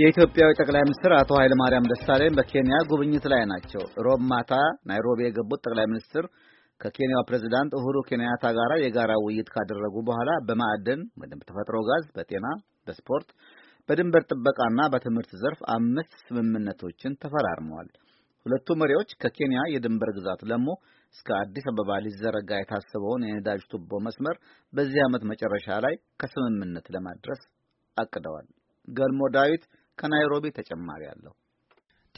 የኢትዮጵያው ጠቅላይ ሚኒስትር አቶ ኃይለ ማርያም ደሳለኝ በኬንያ ጉብኝት ላይ ናቸው። ሮብ ማታ ናይሮቢ የገቡት ጠቅላይ ሚኒስትር ከኬንያው ፕሬዚዳንት ኡሁሩ ኬንያታ ጋር የጋራ ውይይት ካደረጉ በኋላ በማዕድን ወይም ተፈጥሮ ጋዝ፣ በጤና፣ በስፖርት፣ በድንበር ጥበቃና በትምህርት ዘርፍ አምስት ስምምነቶችን ተፈራርመዋል። ሁለቱ መሪዎች ከኬንያ የድንበር ግዛት ለሞ እስከ አዲስ አበባ ሊዘረጋ የታሰበውን የነዳጅ ቱቦ መስመር በዚህ ዓመት መጨረሻ ላይ ከስምምነት ለማድረስ አቅደዋል። ገልሞ ዳዊት ከናይሮቢ ተጨማሪ አለው።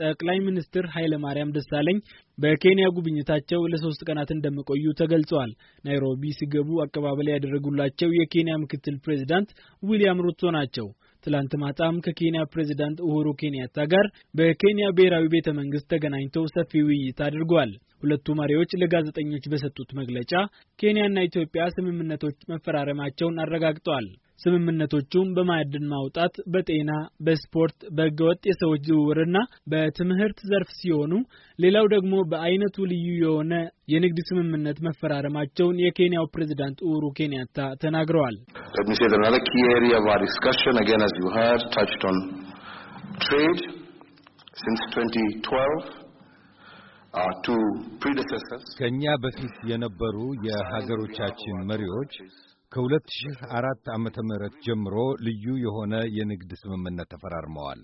ጠቅላይ ሚኒስትር ኃይለ ማርያም ደሳለኝ በኬንያ ጉብኝታቸው ለሶስት ቀናት እንደሚቆዩ ተገልጿል። ናይሮቢ ሲገቡ አቀባበል ያደረጉላቸው የኬንያ ምክትል ፕሬዚዳንት ዊሊያም ሩቶ ናቸው። ትላንት ማታም ከኬንያ ፕሬዚዳንት ኡሁሩ ኬንያታ ጋር በኬንያ ብሔራዊ ቤተ መንግስት ተገናኝተው ሰፊ ውይይት አድርጓል። ሁለቱ መሪዎች ለጋዜጠኞች በሰጡት መግለጫ ኬንያና ኢትዮጵያ ስምምነቶች መፈራረማቸውን አረጋግጠዋል። ስምምነቶቹም በማዕድን ማውጣት፣ በጤና፣ በስፖርት፣ በህገወጥ የሰዎች ዝውውርና በትምህርት ዘርፍ ሲሆኑ ሌላው ደግሞ በአይነቱ ልዩ የሆነ የንግድ ስምምነት መፈራረማቸውን የኬንያው ፕሬዝዳንት ኡሁሩ ኬንያታ ተናግረዋል። uh, ከእኛ በፊት የነበሩ የሀገሮቻችን መሪዎች ከ2004 ዓመተ ጀምሮ ልዩ የሆነ የንግድ ስምምነት ተፈራርመዋል።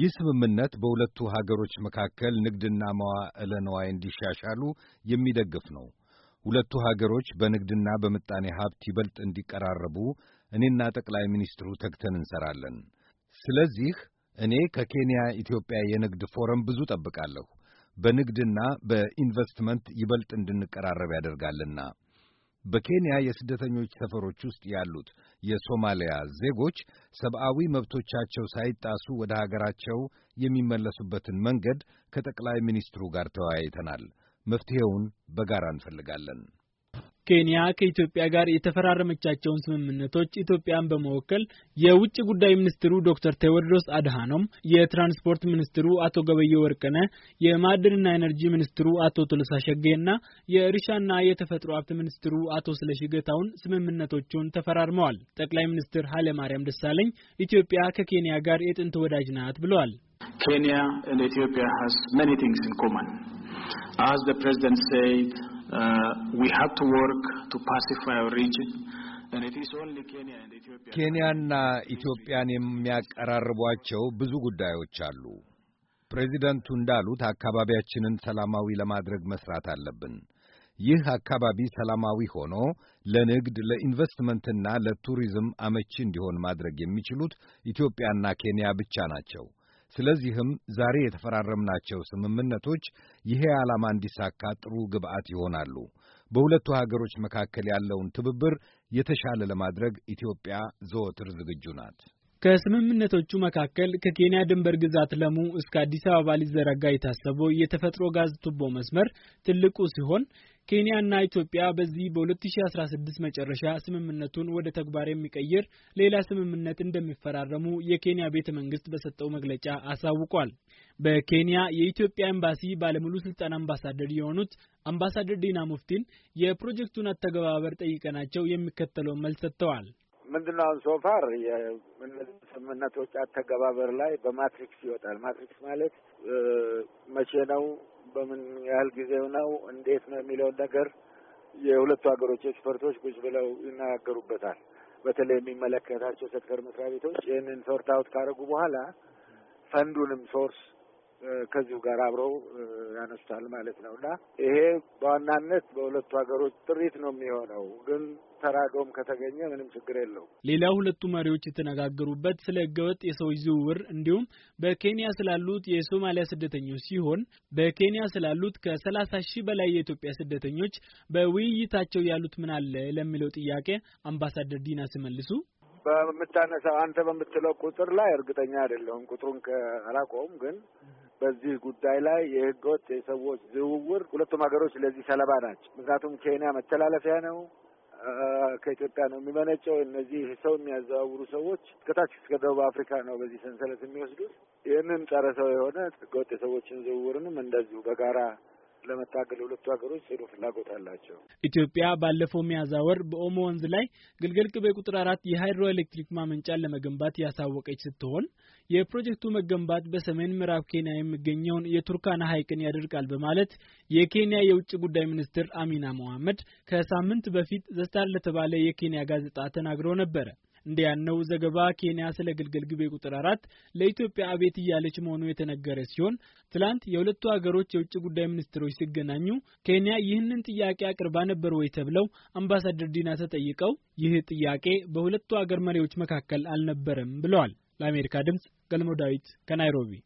ይህ ስምምነት በሁለቱ ሀገሮች መካከል ንግድና መዋዕለ ነዋይ እንዲሻሻሉ የሚደግፍ ነው። ሁለቱ ሀገሮች በንግድና በምጣኔ ሀብት ይበልጥ እንዲቀራረቡ እኔና ጠቅላይ ሚኒስትሩ ተግተን እንሰራለን። ስለዚህ እኔ ከኬንያ ኢትዮጵያ የንግድ ፎረም ብዙ ጠብቃለሁ። በንግድና በኢንቨስትመንት ይበልጥ እንድንቀራረብ ያደርጋልና በኬንያ የስደተኞች ሰፈሮች ውስጥ ያሉት የሶማሊያ ዜጎች ሰብአዊ መብቶቻቸው ሳይጣሱ ወደ ሀገራቸው የሚመለሱበትን መንገድ ከጠቅላይ ሚኒስትሩ ጋር ተወያይተናል። መፍትሔውን በጋራ እንፈልጋለን። ኬንያ ከኢትዮጵያ ጋር የተፈራረመቻቸውን ስምምነቶች ኢትዮጵያን በመወከል የውጭ ጉዳይ ሚኒስትሩ ዶክተር ቴዎድሮስ አድሃኖም፣ የትራንስፖርት ሚኒስትሩ አቶ ገበየ ወርቅነ፣ የማዕድንና ኤነርጂ ሚኒስትሩ አቶ ቶሎሳ እና የእርሻና የተፈጥሮ ሀብት ሚኒስትሩ አቶ ስለሺ ገታውን ስምምነቶቹን ተፈራርመዋል። ጠቅላይ ሚኒስትር ኃይለማርያም ደሳለኝ ኢትዮጵያ ከኬንያ ጋር የጥንት ወዳጅ ናት ብለዋል። ኬንያ ኢትዮጵያ ሀስ has ቲንግስ ኢን in አስ ፕሬዚደንት the ኬንያና ኢትዮጵያን የሚያቀራርቧቸው ብዙ ጉዳዮች አሉ። ፕሬዚደንቱ እንዳሉት አካባቢያችንን ሰላማዊ ለማድረግ መስራት አለብን። ይህ አካባቢ ሰላማዊ ሆኖ ለንግድ ለኢንቨስትመንትና ለቱሪዝም አመቺ እንዲሆን ማድረግ የሚችሉት ኢትዮጵያና ኬንያ ብቻ ናቸው። ስለዚህም ዛሬ የተፈራረምናቸው ስምምነቶች ይሄ ዓላማ እንዲሳካ ጥሩ ግብአት ይሆናሉ። በሁለቱ ሀገሮች መካከል ያለውን ትብብር የተሻለ ለማድረግ ኢትዮጵያ ዘወትር ዝግጁ ናት። ከስምምነቶቹ መካከል ከኬንያ ድንበር ግዛት ለሙ እስከ አዲስ አበባ ሊዘረጋ የታሰበው የተፈጥሮ ጋዝ ቱቦ መስመር ትልቁ ሲሆን ኬንያና ኢትዮጵያ በዚህ በ2016 መጨረሻ ስምምነቱን ወደ ተግባር የሚቀይር ሌላ ስምምነት እንደሚፈራረሙ የኬንያ ቤተ መንግስት በሰጠው መግለጫ አሳውቋል። በኬንያ የኢትዮጵያ ኤምባሲ ባለሙሉ ስልጣን አምባሳደር የሆኑት አምባሳደር ዲና ሙፍቲን የፕሮጀክቱን አተገባበር ጠይቀናቸው የሚከተለውን መልስ ሰጥተዋል። ምንድነው አሁን ሶፋር የእነዚህ ስምምነቶች አተገባበር ላይ በማትሪክስ ይወጣል። ማትሪክስ ማለት መቼ ነው በምን ያህል ጊዜው ነው፣ እንዴት ነው የሚለውን ነገር የሁለቱ ሀገሮች ኤክስፐርቶች ቁጭ ብለው ይነጋገሩበታል። በተለይ የሚመለከታቸው ሴክተር መስሪያ ቤቶች ይህንን ሶርት አውት ካደረጉ በኋላ ፈንዱንም ሶርስ ከዚሁ ጋር አብረው ያነሱታል ማለት ነው እና ይሄ በዋናነት በሁለቱ ሀገሮች ጥሪት ነው የሚሆነው ግን ተራዶም ከተገኘ ምንም ችግር የለው። ሌላው ሁለቱ መሪዎች የተነጋገሩበት ስለ ህገወጥ የሰው ዝውውር እንዲሁም በኬንያ ስላሉት የሶማሊያ ስደተኞች ሲሆን በኬንያ ስላሉት ከሰላሳ ሺህ በላይ የኢትዮጵያ ስደተኞች በውይይታቸው ያሉት ምን አለ ለሚለው ጥያቄ አምባሳደር ዲና ሲመልሱ በምታነሳው አንተ በምትለው ቁጥር ላይ እርግጠኛ አይደለሁም። ቁጥሩን አላውቀውም ግን በዚህ ጉዳይ ላይ የህገወጥ የሰዎች ዝውውር ሁለቱም ሀገሮች ለዚህ ሰለባ ናቸው። ምክንያቱም ኬንያ መተላለፊያ ነው ከኢትዮጵያ ነው የሚመነጨው። እነዚህ ሰው የሚያዘዋውሩ ሰዎች እስከታች እስከ ደቡብ አፍሪካ ነው በዚህ ሰንሰለት የሚወስዱት። ይህንን ጸረ ሰው የሆነ ህገወጥ የሰዎችን ዝውውርንም እንደዚሁ በጋራ ለመታገል ሁለቱ ሀገሮች ጽኑ ፍላጎት አላቸው። ኢትዮጵያ ባለፈው ሚያዝያ ወር በኦሞ ወንዝ ላይ ግልገል ቂቤ ቁጥር አራት የሃይድሮ ኤሌክትሪክ ማመንጫን ለመገንባት ያሳወቀች ስትሆን የፕሮጀክቱ መገንባት በሰሜን ምዕራብ ኬንያ የሚገኘውን የቱርካና ሐይቅን ያደርቃል በማለት የኬንያ የውጭ ጉዳይ ሚኒስትር አሚና መሐመድ ከሳምንት በፊት ዘስታር ለተባለ የኬንያ ጋዜጣ ተናግሮ ነበረ። እንደ ያነው ዘገባ ኬንያ ስለ ግልገል ግቤ ቁጥር አራት ለኢትዮጵያ አቤት እያለች መሆኑ የተነገረ ሲሆን ትላንት የሁለቱ ሀገሮች የውጭ ጉዳይ ሚኒስትሮች ሲገናኙ ኬንያ ይህንን ጥያቄ አቅርባ ነበር ወይ ተብለው አምባሳደር ዲና ተጠይቀው ይህ ጥያቄ በሁለቱ ሀገር መሪዎች መካከል አልነበረም ብለዋል። ለአሜሪካ ድምጽ ገልሞ ዳዊት ከናይሮቢ